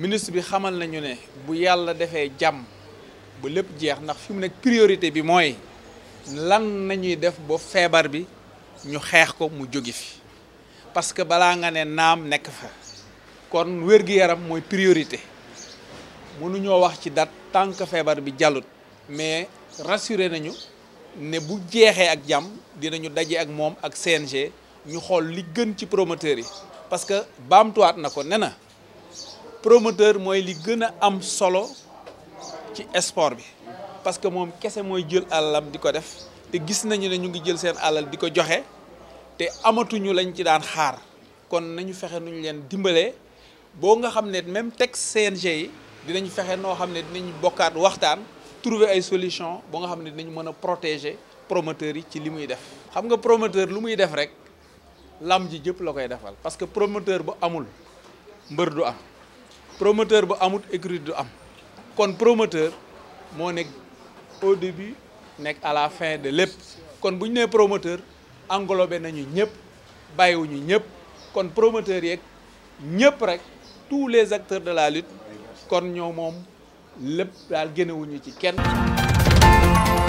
ministre bi xamal nañu ne bu yàlla defee jàmm ba lépp jeex ndax fi mu nekk priorité bi mooy lan nañuy def ba feebar bi ñu xeex ko mu jóge fi parce que balaa nga ne naam nekk fa kon wér-gi-yaram mooy priorité mënuñoo wax ci date tant que feebar bi jàllut mais rassuré nañu ne bu jeexee ak jàmm dinañu daje ak moom ak CNG ñu xool li gën ci promoteur yi parce que baamtuwaat na ko ne na promoteur mooy li gën a am solo ci sport bi parce que moom kese mooy jël alalam di ko def te gis nañu ne ñu ngi jël seen alal di ko joxe te amatuñu lañ ci daan xaar kon nañu fexe nu ñu leen dimbalee boo nga xam ne même texte CNG yi dinañu fexe noo xam ne dinañ bokkaat waxtaan trouver ay solution ba nga xam ne dinañu mën a protéger promoteurs yi ci li muy def. xam nga promoteur lu muy def rek lam ji jëpp la koy defal parce que promoteur bu amul mbër du promoteur bu amut écurie du am kon promoteur moo nekk au début nekk à la fin de lépp kon bu ñu nee promoteur englobé nañu ñëpp bàyyiwuñu ñëpp kon promoteur yeeg ñëpp rek tous les acteurs de la lutte kon ñoo moom lépp daal génnewuñu ci kenn